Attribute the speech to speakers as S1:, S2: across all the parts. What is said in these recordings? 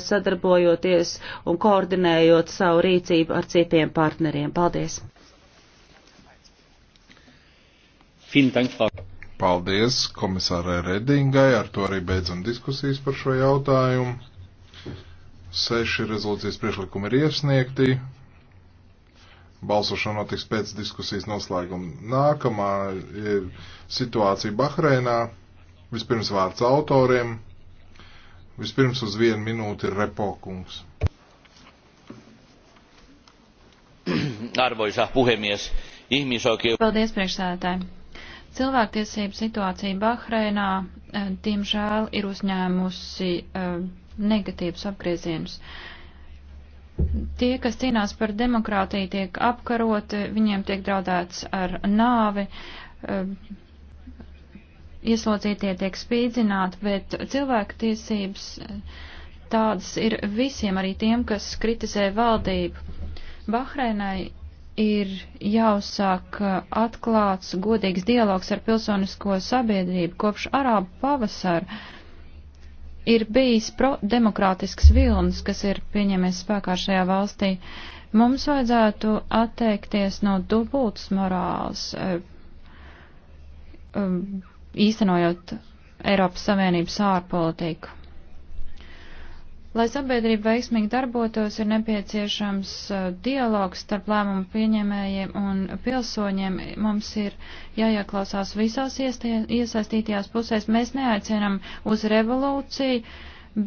S1: sadarbojoties un koordinējot savu rīcību ar citiem partneriem. Paldies!
S2: Paldies komisārai Redingai, ar to arī beidzam diskusijas par šo jautājumu. Seši rezolūcijas priekšlikumi ir iesniegti. Balsošana notiks pēc diskusijas noslēguma. Nākamā ir situācija Bahreinā. Vispirms vārds autoriem. Vispirms uz vienu minūti ir repokungs. Arvoisa puhemies, ihmisoikeus.
S3: Paldies, priekšsēdētāji. Cilvēktiesību situācija Bahreinā, eh, diemžēl, ir uzņēmusi eh, negatīvus apgriezienus. Tie, kas cīnās par demokrātiju, tiek apkaroti, viņiem tiek draudēts ar nāvi eh, ieslodzītie tiek spīdzināti, bet cilvēku tiesības eh, tādas ir visiem, arī tiem, kas kritizē valdību. Bahreinai ir jāuzsāk eh, atklāts godīgs dialogs ar pilsonisko sabiedrību kopš arābu pavasara. Ir bijis pro-demokrātisks vilnis, kas ir pieņemies spēkā šajā valstī. Mums vajadzētu atteikties no dubultas morāls, eh, um, īstenojot Eiropas Savienības ārpolitiku. Lai sabiedrība veiksmīgi darbotos, ir nepieciešams uh, dialogs starp lēmumu pieņēmējiem un pilsoņiem. Mums ir jāieklausās visās iesaistītajās pusēs. Mēs neaicinam uz revolūciju,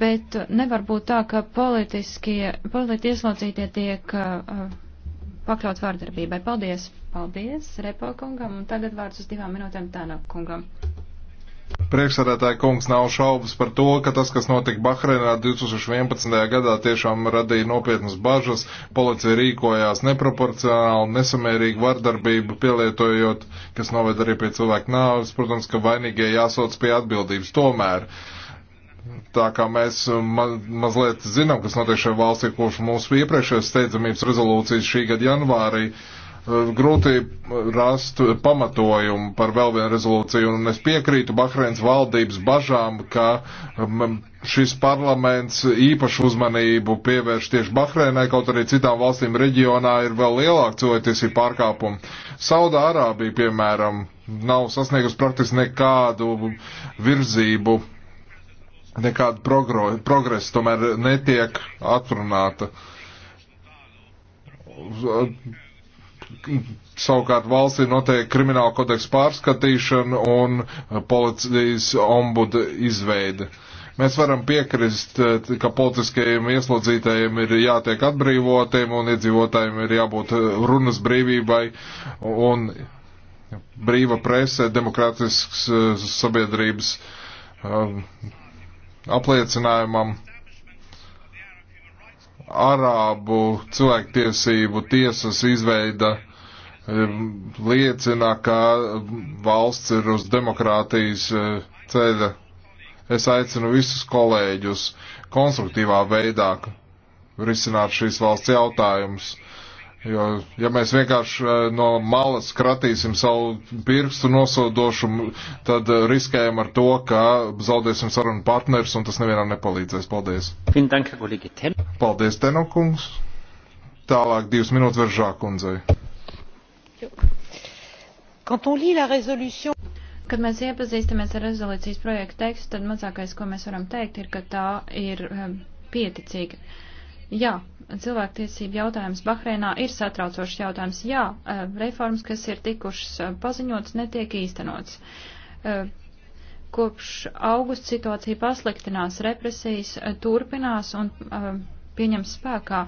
S3: bet nevar būt tā, ka politiskie, politi ieslodzītie tiek uh, uh, pakļauts vārdarbībai. Paldies! Paldies Repo kungam, un tagad vārds uz divām minūtēm Tāna kungam.
S2: Priekšsēdētāja kungs nav šaubas par to, ka tas, kas notika Bahreinā 2011. gadā, tiešām radīja nopietnas bažas. Policija rīkojās neproporcionāli, nesamērīgi vardarbību pielietojot, kas noved arī pie cilvēku nāves. Protams, ka vainīgie jāsauc pie atbildības. Tomēr, tā kā mēs ma mazliet zinām, kas notiek šajā valstī, kopš mūsu iepriekšējās steidzamības rezolūcijas šī gada janvārī, uh, Eh, grūti rast pamatojumu par vēl vienu rezolūciju, un es piekrītu Bahreins valdības bažām, ka mm, šis parlaments īpašu uzmanību pievērš tieši Bahreinai, kaut arī citām valstīm reģionā ir vēl lielāka cilvēktiesība pārkāpuma. Sauda Arābija, piemēram, nav sasniegusi praktiski nekādu virzību, nekādu progro, progresu, tomēr netiek atrunāta savukārt valstī notiek krimināla kodeksa pārskatīšana un policijas ombuda izveide. Mēs varam piekrist, eh, ka politiskajiem ieslodzītajiem ir jātiek atbrīvotiem un iedzīvotājiem ir jābūt runas brīvībai un brīva prese, demokrātisks eh, sabiedrības eh, apliecinājumam. Arābu cilvēktiesību tiesas izveida liecina, ka valsts ir uz demokrātijas e, ceļa. Es aicinu visus kolēģus konstruktīvā veidā risināt šīs valsts jautājumus. Jo, ja mēs vienkārši e, no malas kratīsim savu pirkstu nosodošumu, tad e, riskējam ar to, ka zaudēsim sarunu partners, un tas nevienam nepalīdzēs. Paldies! Paldies, Tenokungs. Tālāk divas minūtes var žākundzei.
S3: Kad mēs iepazīstamies ar rezolūcijas projektu tekstu, tad mazākais, ko mēs varam teikt, ir, ka tā ir eh, pieticīga. Jā, cilvēktiesība jautājums Bahreinā ir satraucošs jautājums. Jā, eh, reformas, kas ir tikušas eh, paziņotas, netiek īstenots. Kopš augusta situācija pasliktinās, represijas turpinās un pieņem spēkā.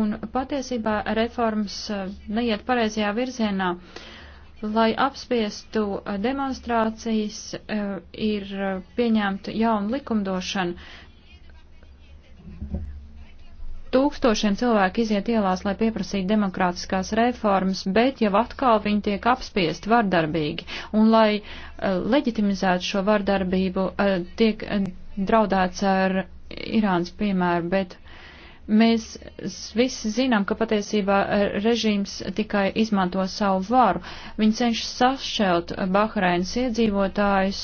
S3: Un patiesībā reformas eh, neiet pareizajā virzienā. Lai apspiestu eh, demonstrācijas, eh, ir pieņemta jauna likumdošana. Tūkstošiem cilvēku iziet ielās, lai pieprasītu demokrātiskās reformas, bet jau atkal viņi tiek apspiesti vardarbīgi. Un, lai uh, leģitimizētu šo vardarbību, uh, tiek uh, draudēts ar Irānas piemēru, bet Mēs visi zinām, ka patiesībā režīms tikai izmanto savu varu. Viņi cenšas sašķelt Bahreinas iedzīvotājus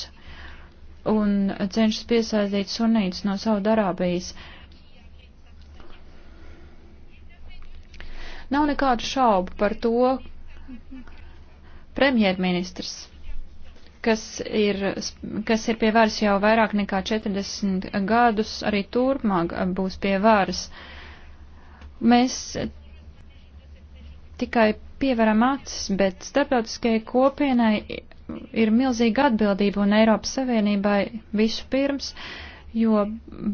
S3: un cenšas piesaistīt sunītus no Saudarābijas. Nav nekādu šaubu par to premjerministrs kas ir, kas ir pie varas jau vairāk nekā 40 gadus, arī turpmāk būs pie varas. Mēs tikai pievaram acis, bet starptautiskajai kopienai ir milzīga atbildība un Eiropas Savienībai vispirms, jo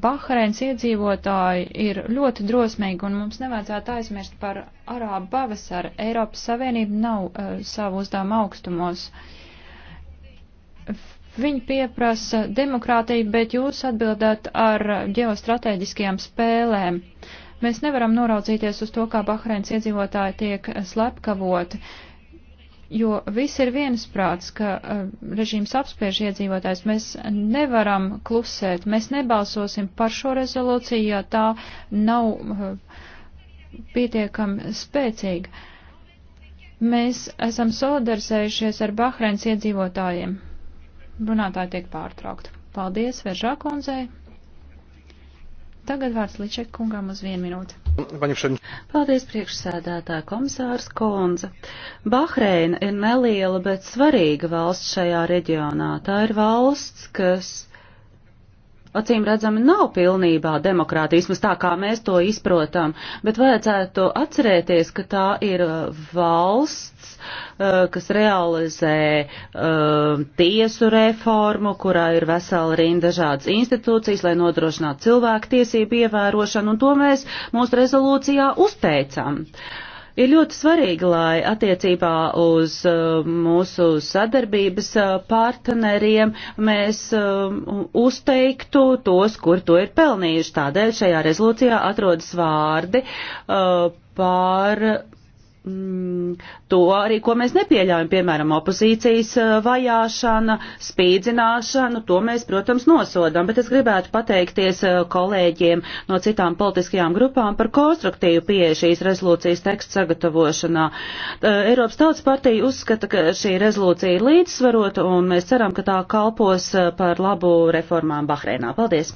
S3: Bahreins iedzīvotāji ir ļoti drosmīgi un mums nevajadzētu aizmirst par arābu pavasaru. Eiropas Savienība nav uh, savu uzdevumu augstumos. Uh, Viņi pieprasa demokrātiju, bet jūs atbildāt ar ģeostrateģiskajām spēlēm. Mēs nevaram noraudzīties uz to, kā Bahreins iedzīvotāji tiek slepkavoti, jo viss ir viensprāts, ka uh, režīms apspiež iedzīvotājs. Mēs nevaram klusēt, mēs nebalsosim par šo rezolūciju, ja tā nav uh, pietiekami spēcīga. Mēs esam solidarizējušies ar Bahreins iedzīvotājiem. Runātāji tiek pārtraukti. Paldies, Veržā kundzei. Tagad vārds Liček
S1: kungam uz vienu minūti. Paldies priekšsēdētā komisārs Konza. Bahreina ir neliela, bet svarīga valsts šajā reģionā. Tā ir valsts, kas acīm redzami nav pilnībā demokrātija, vismaz tā kā mēs to izprotam, bet vajadzētu atcerēties, ka tā ir uh, valsts, uh, kas realizē uh, tiesu reformu, kurā ir vesela rinda dažādas institūcijas, lai nodrošinātu cilvēku tiesību ievērošanu, un to mēs mūsu rezolūcijā uzteicam. Uh, Ir ļoti svarīgi, lai attiecībā uz uh, mūsu sadarbības uh, partneriem mēs um, uzteiktu tos, kur to ir pelnījuši. Tādēļ šajā rezolūcijā atrodas vārdi uh, par Mm, to arī, ko mēs nepieļaujam, piemēram, opozīcijas eh, vajāšana, spīdzināšana, to mēs, protams, nosodam, bet es gribētu pateikties eh, kolēģiem no citām politiskajām grupām par konstruktīvu pieeju šīs rezolūcijas teksta sagatavošanā. Eh, Eiropas Tautas partija uzskata, ka šī rezolūcija ir līdzsvarota un mēs ceram, ka tā kalpos par labu reformām Bahreinā. Paldies!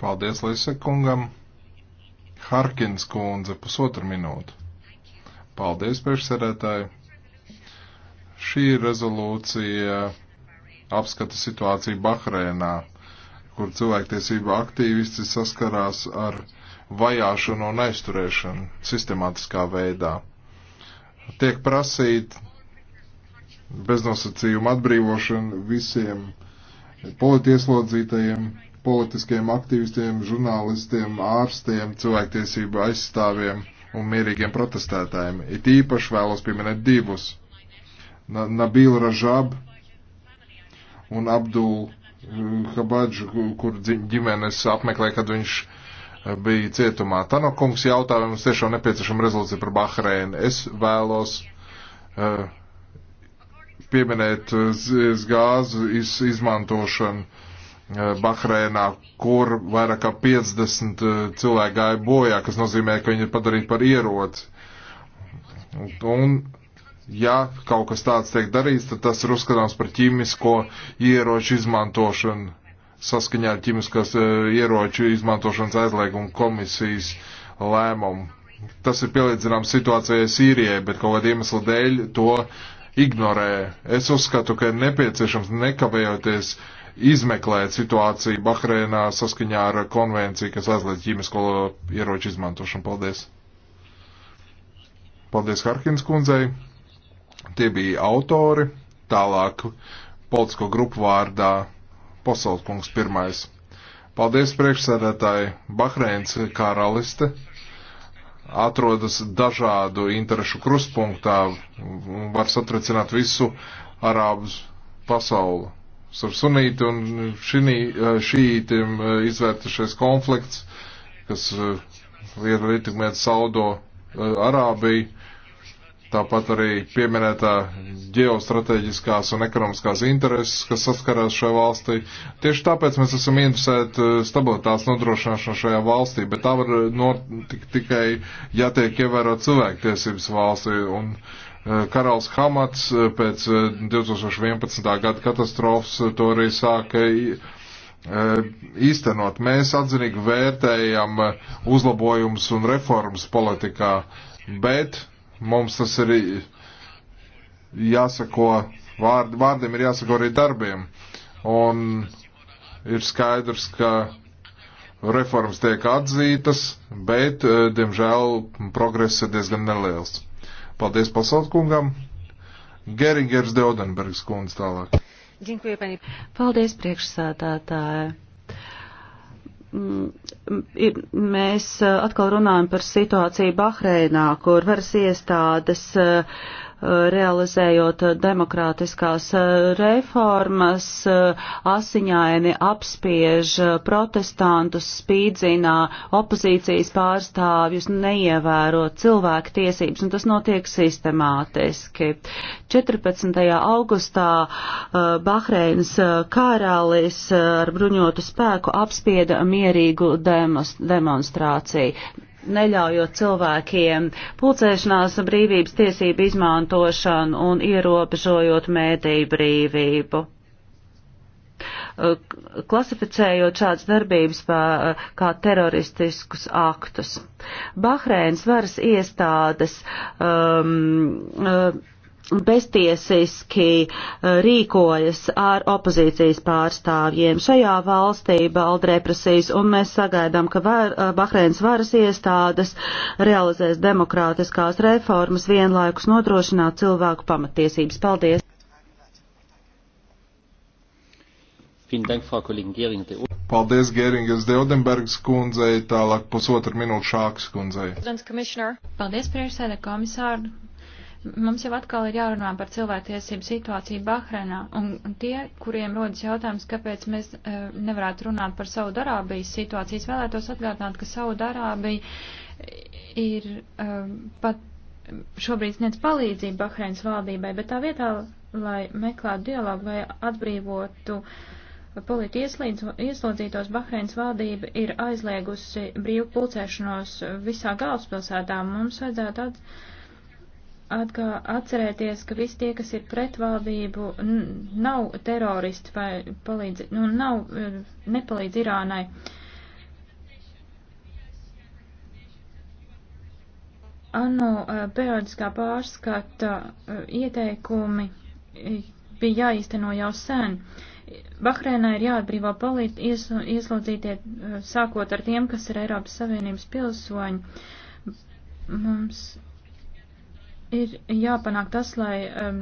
S2: Paldies, Līsa kungam! Harkins kundze, pusotru minūtu. Paldies, priekšsēdētāji. Šī rezolūcija apskata situāciju Bahreinā, kur cilvēktiesība aktīvisti saskarās ar vajāšanu un aizturēšanu sistemātiskā veidā. Tiek prasīt beznosacījuma atbrīvošana visiem politieslodzītajiem, politiskiem aktīvistiem, žurnālistiem, ārstiem, cilvēktiesību aizstāvjiem un mierīgiem protestētājiem. It īpaši vēlos pieminēt divus - Nabīlu Ražab un Abdul eh, Habadžu, kur ģimenes apmeklē, kad viņš eh, bija cietumā. Tanokungs jautā, vai mums tiešām nepieciešama rezolūcija par Bahreinu. Es vēlos uh, pieminēt gāzu iz, izmantošanu Eh, Bahreinā, kur vairāk kā 50 eh, cilvēki gāja bojā, kas nozīmē, ka viņi ir padarīti par ieroci. Un, ja kaut kas tāds tiek darīts, tad tas ir uzskatāms par ķīmisko ieroču izmantošanu saskaņā ar ķīmiskās eh, ieroču izmantošanas aizliegumu komisijas lēmumu. Tas ir pielīdzināms situācijai Sīrijai, bet kaut kāda iemesla dēļ to ignorē. Es uzskatu, ka ir nepieciešams nekavējoties uh, izmeklēt situāciju Bahreinā saskaņā ar konvenciju, kas aizliedz ķīmisko ieroču izmantošanu. Paldies! Paldies Harkins kundzei! Tie bija autori, tālāk politisko grupu vārdā Posautkungs pirmais. Paldies priekšsēdētāji Bahreins karaliste atrodas dažādu interešu kruspunktā, var satricināt visu arābu pasauli starp sunītu un šītiem izvērtušais konflikts, kas ir ietekmēts Saudo Arābiju. Tāpat arī pieminētā ģeostrateģiskās un ekonomiskās intereses, kas saskarās šajā valstī. Tieši tāpēc mēs esam interesēti stabilitātes nodrošināšanā šajā valstī, bet tā var notikt tikai, ja tiek ievērot cilvēktiesības valstī. Un, uh, Eh, Karals Hamats eh, pēc 2011. Eh, gada katastrofas to arī sāka īstenot. Mēs atzinīgi vērtējam uzlabojumus un reformas politikā, bet mums tas ir jāsako, vārd, vārdiem ir jāsako arī darbiem. Un ir skaidrs, ka reformas tiek atzītas, bet, diemžēl, progress ir diezgan neliels. Paldies pasaules kungam. Geringers de Odenbergs kundze tālāk.
S1: Paldies priekšsādātāja mm, mēs e, atkal runājam par situāciju Bahreinā, kur varas iestādes uh, realizējot demokrātiskās eh, reformas, eh, asiņaini apspiež eh, protestantus, spīdzinā opozīcijas pārstāvjus, neievēro cilvēku tiesības, un tas notiek sistemātiski. 14. augustā Bahreinas karalis ar bruņotu spēku apspieda mierīgu demonstrāciju neļaujot cilvēkiem pulcēšanās brīvības tiesību izmantošanu un ierobežojot mēdīju brīvību. Klasificējot šādas darbības pā, kā teroristiskus aktus. Bahreins varas iestādes um, um, bestiesiski eh, rīkojas ar opozīcijas pārstāvjiem. Šajā valstī bald represijas, un mēs sagaidām, ka var, eh, Bahreins varas iestādes realizēs demokrātiskās reformas vienlaikus nodrošināt cilvēku pamatiesības. Paldies!
S2: Paldies Geringas Deodenbergas kundzei, tālāk pusotru minūtu šāks kundzei.
S3: Paldies priekšsēdē komisāru, Mums jau atkal ir jārunā par cilvēktiesību situāciju Bahreinā, un tie, kuriem rodas jautājums, kāpēc mēs e, nevarētu runāt par Saudarābijas situācijas, vēlētos atgādināt, ka Saudarābija ir e, pat šobrīd sniedz palīdzību Bahreinas valdībai, bet tā vietā, lai meklētu dialogu vai atbrīvotu politi ieslodzītos, Bahreinas valdība ir aizliegusi brīvu pulcēšanos visā galvaspilsētā. Mums vajadzētu atzīmēt atkal atcerēties, ka visi tie, kas ir pretvaldību, nav teroristi vai palīdz, nu, nav, eh, nepalīdz Irānai. ANO eh, periodiskā pārskata eh, ieteikumi bija jāīsteno jau sen. Bahreinā ir jāatbrīvo palīdz ies, ieslodzītie, sākot ar tiem, kas ir Eiropas Savienības pilsoņi. Mums Ir jāpanāk tas, lai um,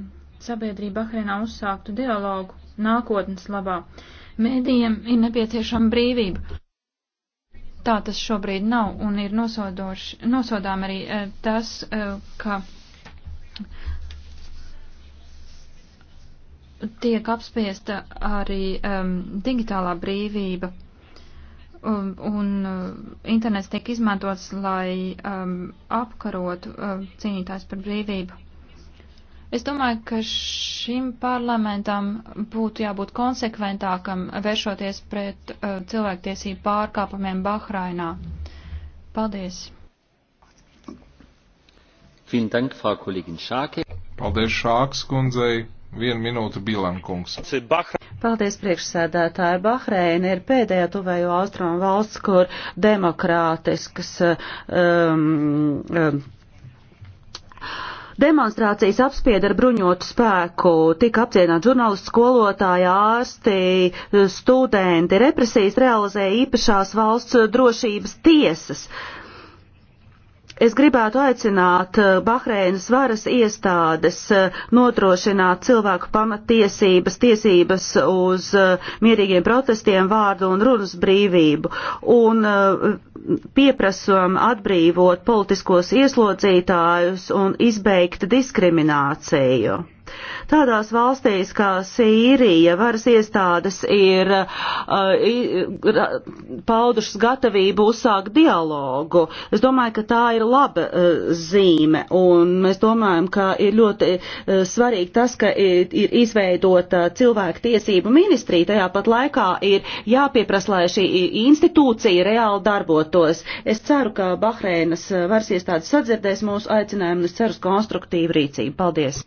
S3: sabiedrība Bahreinā uzsāktu dialogu nākotnes labā. Mēdījiem ir nepieciešama brīvība. Tā tas šobrīd nav un ir nosodām arī uh, tas, uh, ka tiek apspiesta arī um, digitālā brīvība. Um, un, un uh, internets tiek izmantots, lai um, apkarotu um, uh, cīnītājs par brīvību. Es domāju, ka šim parlamentam būtu jābūt konsekventākam vēršoties pret uh, cilvēktiesību pārkāpumiem Bahrainā. Paldies!
S2: Paldies Šāks kundzei, vienu minūtu Bilankungs.
S1: Paldies, priekšsēdētāji. Bahreina ir pēdējā tuvējo austrumu valsts, kur demokrātiskas. Um, um, Demonstrācijas apspieda ar bruņotu spēku, tika apcienāti žurnālisti, skolotāji, ārsti, studenti. Represijas realizēja īpašās valsts drošības tiesas. Uh, Es gribētu aicināt eh, Bahreinas varas iestādes eh, notrošināt cilvēku pamatiesības, tiesības uz eh, mierīgiem protestiem, vārdu un runas brīvību un pieprasam atbrīvot politiskos ieslodzītājus un izbeigt diskrimināciju. Tādās valstīs kā Sīrija varas iestādes ir uh, paudušas gatavību uzsākt dialogu. Es domāju, ka tā ir laba uh, zīme, un mēs domājam, ka ir ļoti uh, svarīgi tas, ka ir, ir izveidota cilvēku tiesību ministrija. Tajā pat laikā ir jāpieprasa, lai šī institūcija reāli darbotos. Es ceru, ka Bahreinas uh, varas iestādes sadzirdēs mūsu aicinājumu un es ceru uz konstruktīvu rīcību. Paldies!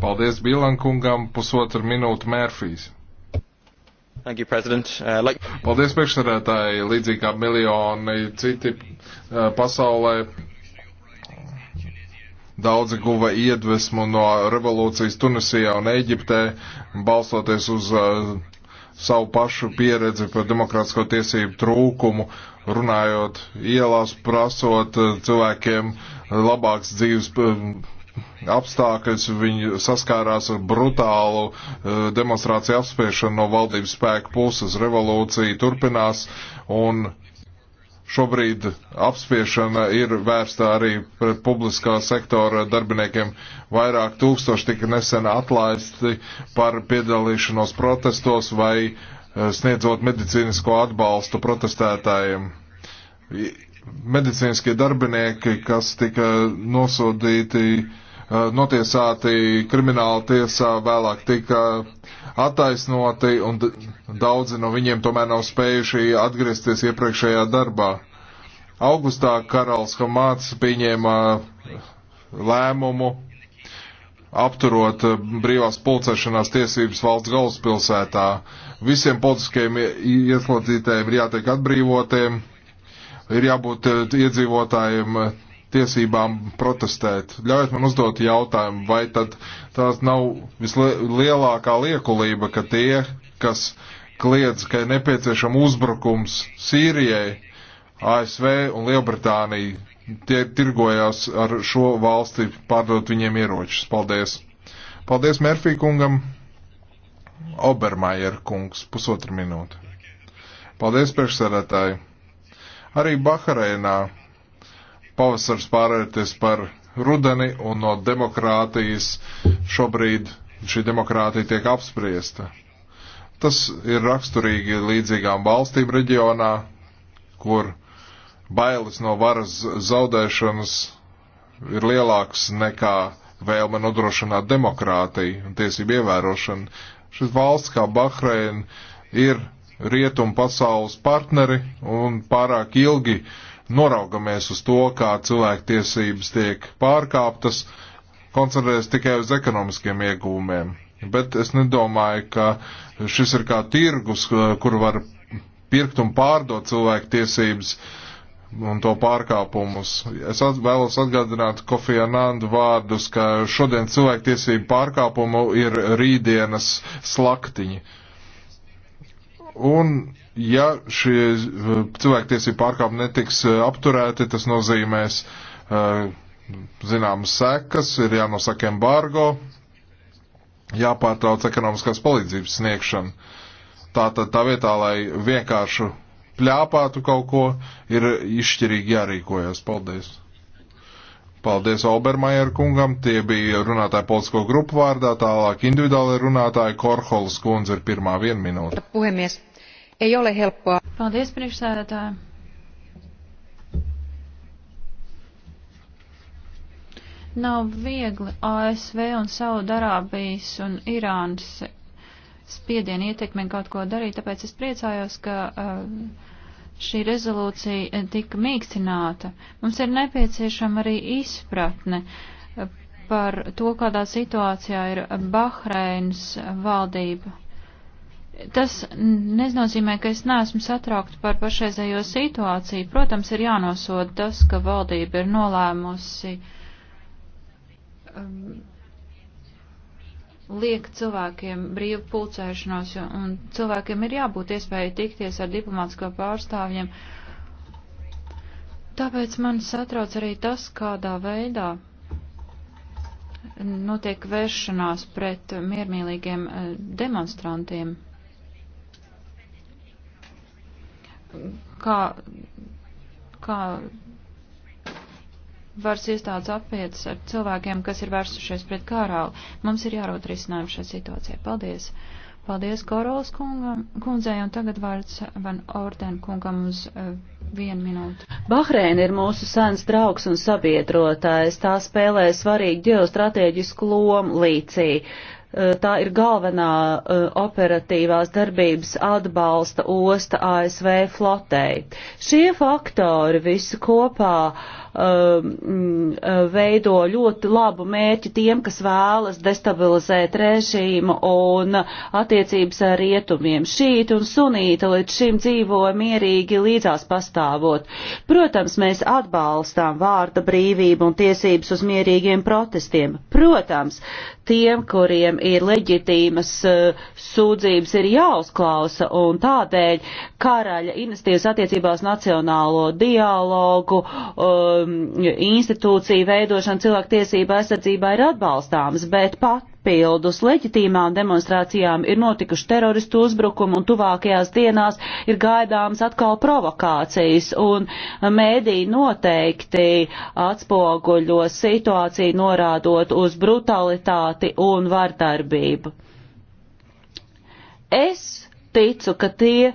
S2: Paldies Bielankungam, pusotru minūtu Mērfijs. You, uh, like... Paldies priekšsarētāji, līdzīgi kā miljoni citi uh, pasaulē. Daudzi guva iedvesmu no revolūcijas Tunisijā un Eģiptē, balstoties uz uh, savu pašu pieredzi par demokrātisko tiesību trūkumu, runājot ielās, prasot uh, cilvēkiem labāks dzīves um, apstākļus, viņi saskārās ar brutālu uh, demonstrāciju apspiešanu no valdības spēku puses. Revolūcija turpinās un šobrīd apspiešana ir vērsta arī pret publiskā sektora darbiniekiem. Vairāk tūkstoši tika nesen atlaisti par piedalīšanos protestos vai uh, sniedzot medicīnisko atbalstu protestētājiem medicīniskie darbinieki, kas tika nosodīti uh, Eh, notiesāti krimināla tiesā, vēlāk tika attaisnoti, un daudzi no viņiem tomēr nav spējuši atgriezties iepriekšējā darbā. Augustā Karals Hamāts pieņēma eh, lēmumu apturot eh, brīvās pulcēšanās tiesības valsts galvaspilsētā. Visiem politiskajiem ieslodzītējiem ir jātiek atbrīvotiem, ir jābūt iedzīvotājiem tiesībām protestēt. Ļaujiet man uzdot jautājumu, vai tad tās nav vislielākā liekulība, ka tie, kas kliedz, ka ir nepieciešama uzbrukums Sīrijai, ASV un Lielbritānija, tie tirgojās ar šo valsti, pārdot viņiem ieročus. Paldies! Paldies Mērfī kungam! Obermajer kungs, pusotra minūte. Paldies priekšsēdētāji! Arī Bahreinā pavasars pārvērties par rudeni un no demokrātijas šobrīd šī demokrātija tiek apspriesta. Tas ir raksturīgi līdzīgām valstīm reģionā, kur bailes no varas zaudēšanas ir lielāks nekā vēlme nodrošināt demokrātiju un tiesību ievērošanu. Šis valsts kā Bahreina ir rietumu pasaules partneri un pārāk ilgi uh, noraugamies uz to, kā cilvēktiesības tiek pārkāptas, koncentrējas tikai uz ekonomiskiem iegūmiem. Bet es nedomāju, ka šis ir kā tirgus, kur var pirkt un pārdot cilvēktiesības un to pārkāpumus. Es at, vēlos atgādināt Kofi Anandu vārdus, ka šodien cilvēktiesību pārkāpumu ir rītdienas slaktiņi. Un ja šie eh, cilvēktiesību pārkāpumi netiks eh, apturēti, tas nozīmēs eh, zināmas sekas, ir jānosaka embargo, jāpārtrauc ekonomiskās palīdzības sniegšana. Tātad tā vietā, lai vienkārši pļāpātu kaut ko, ir izšķirīgi jārīkojas. Paldies! Paldies Obermajer kungam, tie bija runātāji politisko grupu vārdā, tālāk individuāli runātāji Korholas kundze ir pirmā viena minūte.
S3: Puhemies. Ei ole helppoa. Paldies, priekšsēdētāji. Nav viegli ASV un Saudarābijas un Irānas spiedienu ietekmē kaut ko darīt, tāpēc es priecājos, ka uh, šī rezolūcija tika mīkstināta. Mums ir nepieciešama arī izpratne uh, par to, kādā situācijā ir Bahreinas valdība. Tas nenozīmē, ka es neesmu satraukta par pašreizējo situāciju. Protams, ir jānosoda tas, ka valdība ir nolēmusi um, liek cilvēkiem brīvu pulcēšanos, un cilvēkiem ir jābūt iespēja tikties ar diplomātsko pārstāvjiem. Tāpēc man satrauc arī tas, kādā veidā notiek vēršanās pret miermīlīgiem uh, demonstrantiem. kā, kā varas iestādes apietas ar cilvēkiem, kas ir vērsušies pret kārālu. Mums ir jārūt risinājumu šai situācijai. Paldies! Paldies Korolas kundzei un tagad vārds Van Orden kungam uz uh, vienu minūtu.
S1: Bahreina ir mūsu sens draugs un sabiedrotājs. Tā spēlē svarīgu ģeostrateģisku lomu līcī. Uh, Eh, tā ir galvenā eh, operatīvās darbības atbalsta osta ASV flotei. Šie faktori visi kopā Um, veido ļoti labu mērķi tiem, kas vēlas destabilizēt režīmu un attiecības ar rietumiem. Šīta un sunīta līdz šim dzīvoja mierīgi līdzās pastāvot. Protams, mēs atbalstām vārda brīvību un tiesības uz mierīgiem protestiem. Protams, tiem, kuriem ir leģitīmas uh, sūdzības, ir jāuzklausa un tādēļ karaļa iniciatīvas attiecībās nacionālo dialogu um, Um, institūciju veidošana cilvēktiesība aizsardzībā ir atbalstāms, bet pat papildus leģitīmām demonstrācijām ir notikuši teroristu uzbrukumi un tuvākajās dienās ir gaidāmas atkal provokācijas un mēdī noteikti atspoguļo situāciju norādot uz brutalitāti un vardarbību. Es ticu, ka tie, eh,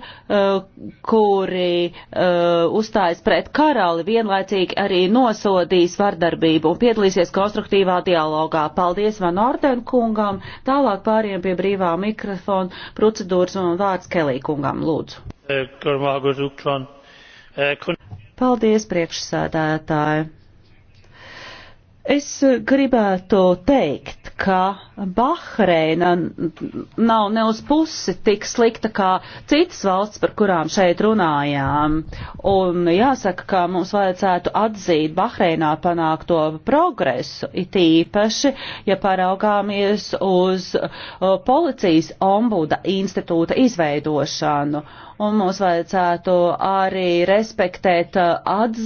S1: kuri eh, uzstājas pret karali, vienlaicīgi arī nosodīs vardarbību un piedalīsies konstruktīvā dialogā. Paldies Van Orden kungam, tālāk pāriem pie brīvā mikrofona procedūras un vārds Kelī kungam, lūdzu. Eh, Paldies priekšsēdētāji. Es gribētu teikt, ka Bahreina nav ne uz pusi tik slikta kā citas valsts, par kurām šeit runājām. Un jāsaka, ka mums vajadzētu atzīt Bahreinā panākto progresu, it īpaši, ja paraugāmies uz policijas ombuda institūta izveidošanu un mums vajadzētu arī respektēt uh, atz,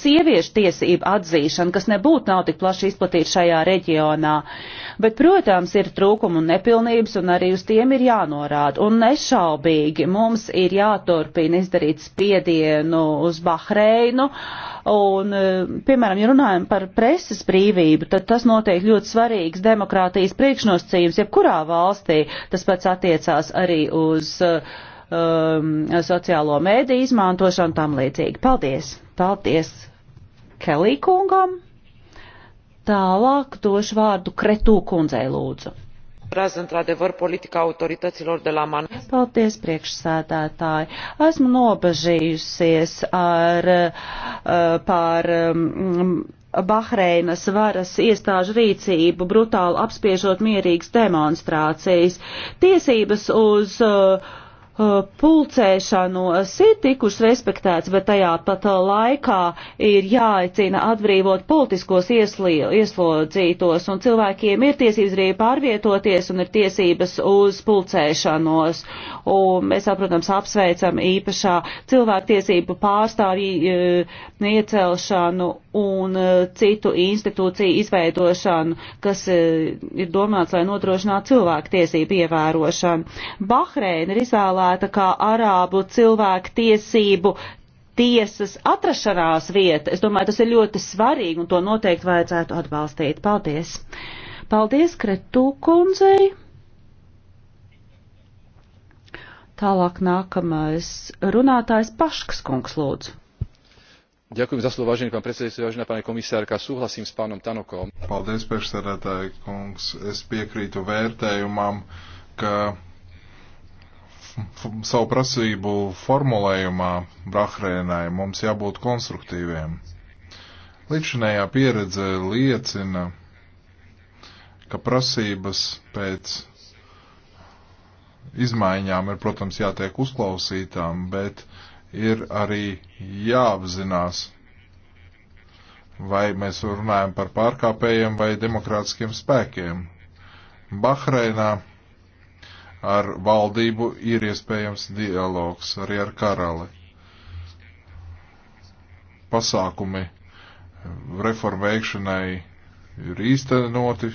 S1: sieviešu tiesību atzīšanu, kas nebūtu nav tik plaši izplatīta šajā reģionā. Bet, protams, ir trūkumi un nepilnības, un arī uz tiem ir jānorāda. Un nešaubīgi mums ir jāturpina izdarīt spiedienu uz Bahreinu. Un, uh, piemēram, ja runājam par preses brīvību, tad tas noteikti ļoti svarīgs demokrātijas priekšnosacījums jebkurā valstī. Tas pats attiecās arī uz uh, um, sociālo mēdī izmantošanu tam līdzīgi. Paldies! Paldies Kelī kungam! Tālāk došu vārdu Kretū kundzei lūdzu. Rează într-adevăr politica autorităților de la Man. Paldies, priekšsēdētāji. Esmu nobežījusies ar, uh, par um, Bahreinas varas iestāžu rīcību brutāli apspiežot mierīgas demonstrācijas. Tiesības uz uh, Uh, pulcēšanos uh, ir tikušas respektēts, bet tajā pat uh, laikā ir jāicina atbrīvot politiskos ieslodzītos, un cilvēkiem ir tiesības arī pārvietoties un ir tiesības uz pulcēšanos. Un mēs, protams, apsveicam īpašā cilvēktiesību pārstāvju iecelšanu un eh, citu institūciju izveidošanu, kas eh, ir domāts, lai nodrošinātu cilvēku tiesību ievērošanu. Bahreina ir izvēlēta kā arābu cilvēku tiesību tiesas atrašanās vieta. Es domāju, tas ir ļoti svarīgi un to noteikti vajadzētu atbalstīt. Paldies! Paldies, Kretu kundzei! Tālāk nākamais runātājs Paškas kungs lūdzu
S2: súhlasím s pánom tannockom paldies priekšsēdētāj kungs es piekrītu vērtējumam ka savu prasību formulējumā Bahreinai mums jābūt konstruktīviem. Līdzinējā pieredze liecina, ka prasības pēc izmaiņām ir, protams, jātiek uzklausītām, bet uh, ir arī jāapzinās, vai mēs runājam par pārkāpējiem vai demokrātiskiem spēkiem. Bahreinā ar valdību ir iespējams dialogs arī ar karali. Pasākumi reformu veikšanai ir īstenoti,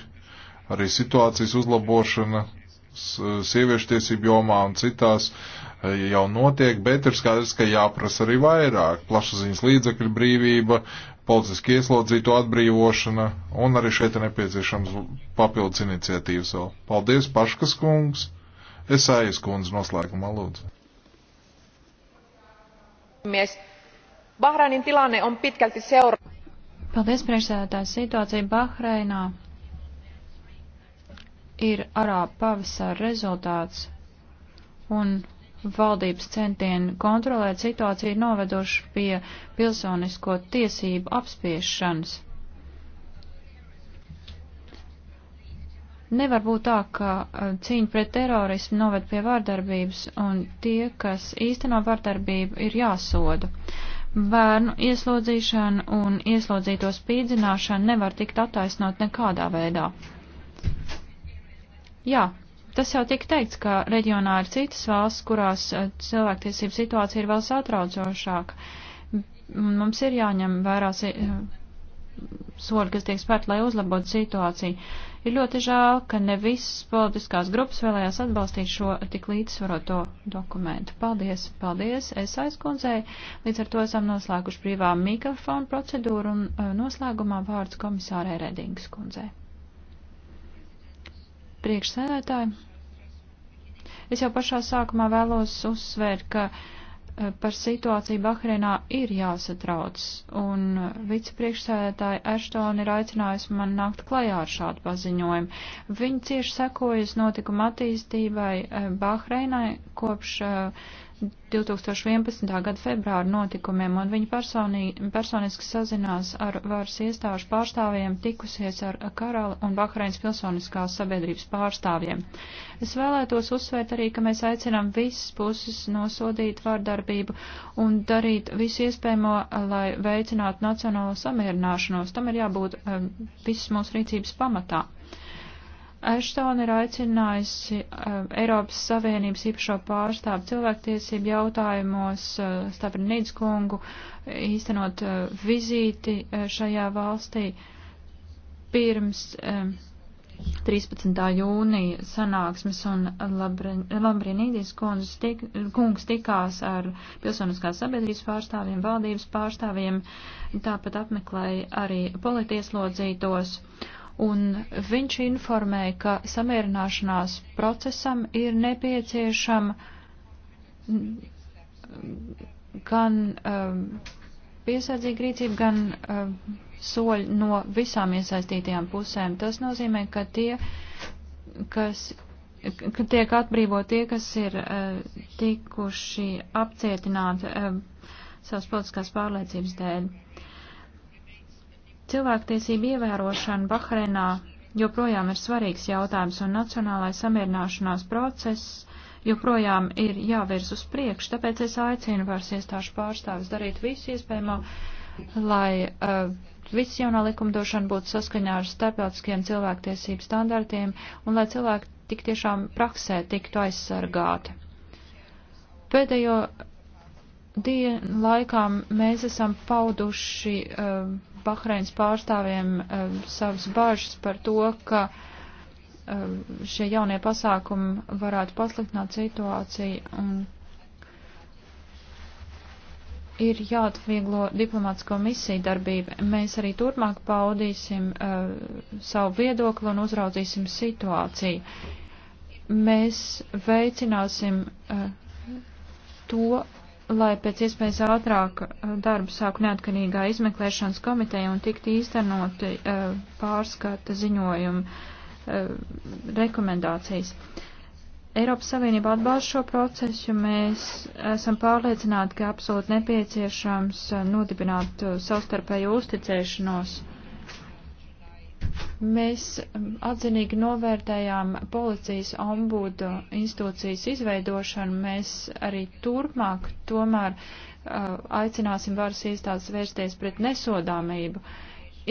S2: arī situācijas uzlabošana sieviešu tiesību jomā un citās uh, jau notiek, bet ir skaidrs, ka jāprasa arī vairāk. Plašsaziņas līdzekļu brīvība, policiski ieslodzīto atbrīvošana un arī šeit ir nepieciešams papildus iniciatīvas vēl. Paldies, Paškas kungs! Es aiz kundz noslēgumā lūdzu.
S3: Mies. Bahrainin tilanne on pitkälti seura. Paldies, priekšsēdētājs. Situācija Bahreinā ir arā pavasara rezultāts un valdības centieni kontrolēt situāciju ir noveduši pie pilsonisko tiesību apspiešanas. Nevar būt tā, ka eh, cīņa pret terorismu noved pie vārdarbības, un tie, kas īsteno vārdarbību, ir jāsoda. Bērnu ieslodzīšana un ieslodzīto spīdzināšana nevar tikt attaisnot nekādā veidā. Jā, Tas jau tika teikts, ka reģionā ir citas valsts, kurās eh, cilvēktiesību situācija ir vēl satraucošāka. Mums ir jāņem vērā eh, soļi, kas tiek spērti, lai uzlabotu situāciju. Ir ļoti žēl, ka ne visas politiskās grupas vēlējās atbalstīt šo tik līdzsvaroto dokumentu. Paldies, paldies, es aizkundzēju. Līdz ar to esam noslēguši brīvā mikrofonu procedūru un eh, noslēgumā vārds komisārai Redingas kundzei priekšsēdētāji. Es jau pašā sākumā vēlos uzsvērt, ka eh, par situāciju Bahreinā ir jāsatrauc, un vicepriekšsēdētāja Ashtona ir aicinājusi man nākt klajā ar šādu paziņojumu. Viņa cieši sekojas notikuma attīstībai eh, Bahreinai kopš uh, 2011. gada februāra notikumiem, un viņa personī, personiski sazinās ar varas iestāžu pārstāvjiem, tikusies ar karali un Bahreins pilsoniskās sabiedrības pārstāvjiem. Es vēlētos uzsvērt arī, ka mēs aicinām visas puses nosodīt vārdarbību un darīt visu iespējamo, lai veicinātu nacionālo samierināšanos. Tam ir jābūt um, visas mūsu rīcības pamatā. Uh, Ashtona ir aicinājusi uh, Eiropas Savienības īpašo pārstāvu cilvēktiesību jautājumos uh, Stabrinīdz kungu īstenot uh, vizīti uh, šajā valstī pirms uh, um, 13. jūnija sanāksmes un Lambrinīdis kungs, tik, kungs tikās ar pilsoniskās sabiedrības pārstāvjiem, valdības pārstāvjiem, tāpat apmeklēja arī politieslodzītos. Uh, un viņš informēja, ka samierināšanās procesam ir nepieciešama gan um, piesardzīga rīcība, gan um, soļi no visām iesaistītajām pusēm. Tas nozīmē, ka tie, kas ka tiek atbrīvot tie, kas ir uh, tikuši apcietināti uh, savas politiskās pārliecības dēļ. Uh, Cilvēktiesība ievērošana Bahreinā joprojām ir svarīgs jautājums, un nacionālais samierināšanās process joprojām ir jāvirz uz priekšu, tāpēc es aicinu varas iestāžu pārstāvis darīt visu iespējamo, lai uh, viss jaunā likumdošana būtu saskaņā ar starptautiskiem cilvēktiesību standartiem un lai cilvēki tik tiešām praksē tiktu aizsargāti. Pēdējo dienu laikā mēs esam pauduši uh, Bahreins pārstāvjiem uh, savas bažas par to, ka uh, šie jaunie pasākumi varētu pasliktināt situāciju un ir jāatvieglo diplomātsko misiju darbība. Mēs arī turpmāk paudīsim uh, savu viedokli un uzraudzīsim situāciju. Mēs veicināsim uh, to, lai pēc iespējas ātrāk uh, darbu sāku neatkarīgā izmeklēšanas komiteja un tikt īstenoti uh, pārskata ziņojumi uh, rekomendācijas. Eiropas Savienība atbalsta šo procesu, jo mēs esam pārliecināti, ka absolūti nepieciešams nodibināt savstarpēju uzticēšanos Mēs um, atzinīgi novērtējām policijas ombudu institūcijas izveidošanu. Mēs arī turpmāk tomēr uh, aicināsim varas iestādes vērsties pret nesodāmību.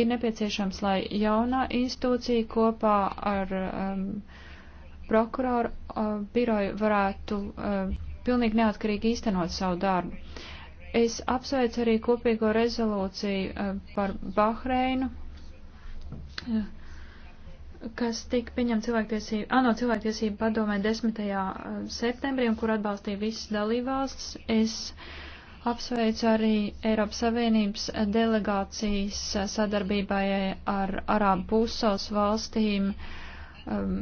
S3: Ir nepieciešams, lai jaunā institūcija kopā ar um, prokuroru uh, biroju varētu uh, pilnīgi neatkarīgi īstenot savu darbu. Es apsveicu arī kopīgo rezolūciju uh, par Bahreinu kas tika pieņemta cilvēktiesību, ANO cilvēktiesību padomē 10. Eh, septembrī un kur atbalstīja visas dalībvalstis. Es apsveicu arī Eiropas Savienības delegācijas eh, sadarbībai ar Arābu pusos valstīm um,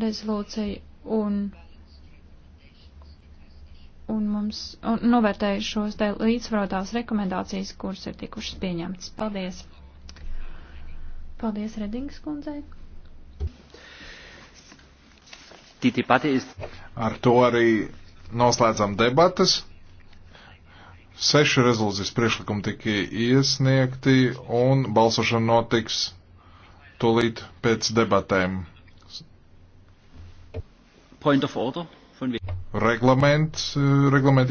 S3: rezolūciju un un mums un novērtēju šos te līdzsvarotās rekomendācijas, kuras ir tikušas pieņemtas. Paldies! Paldies Redingas kundzei.
S2: Ar to arī noslēdzam debatas. Seši rezolūcijas priekšlikumi tika iesniegti un balsošana notiks tūlīt pēc debatēm. Point of order. Reglaments, eh, reglaments.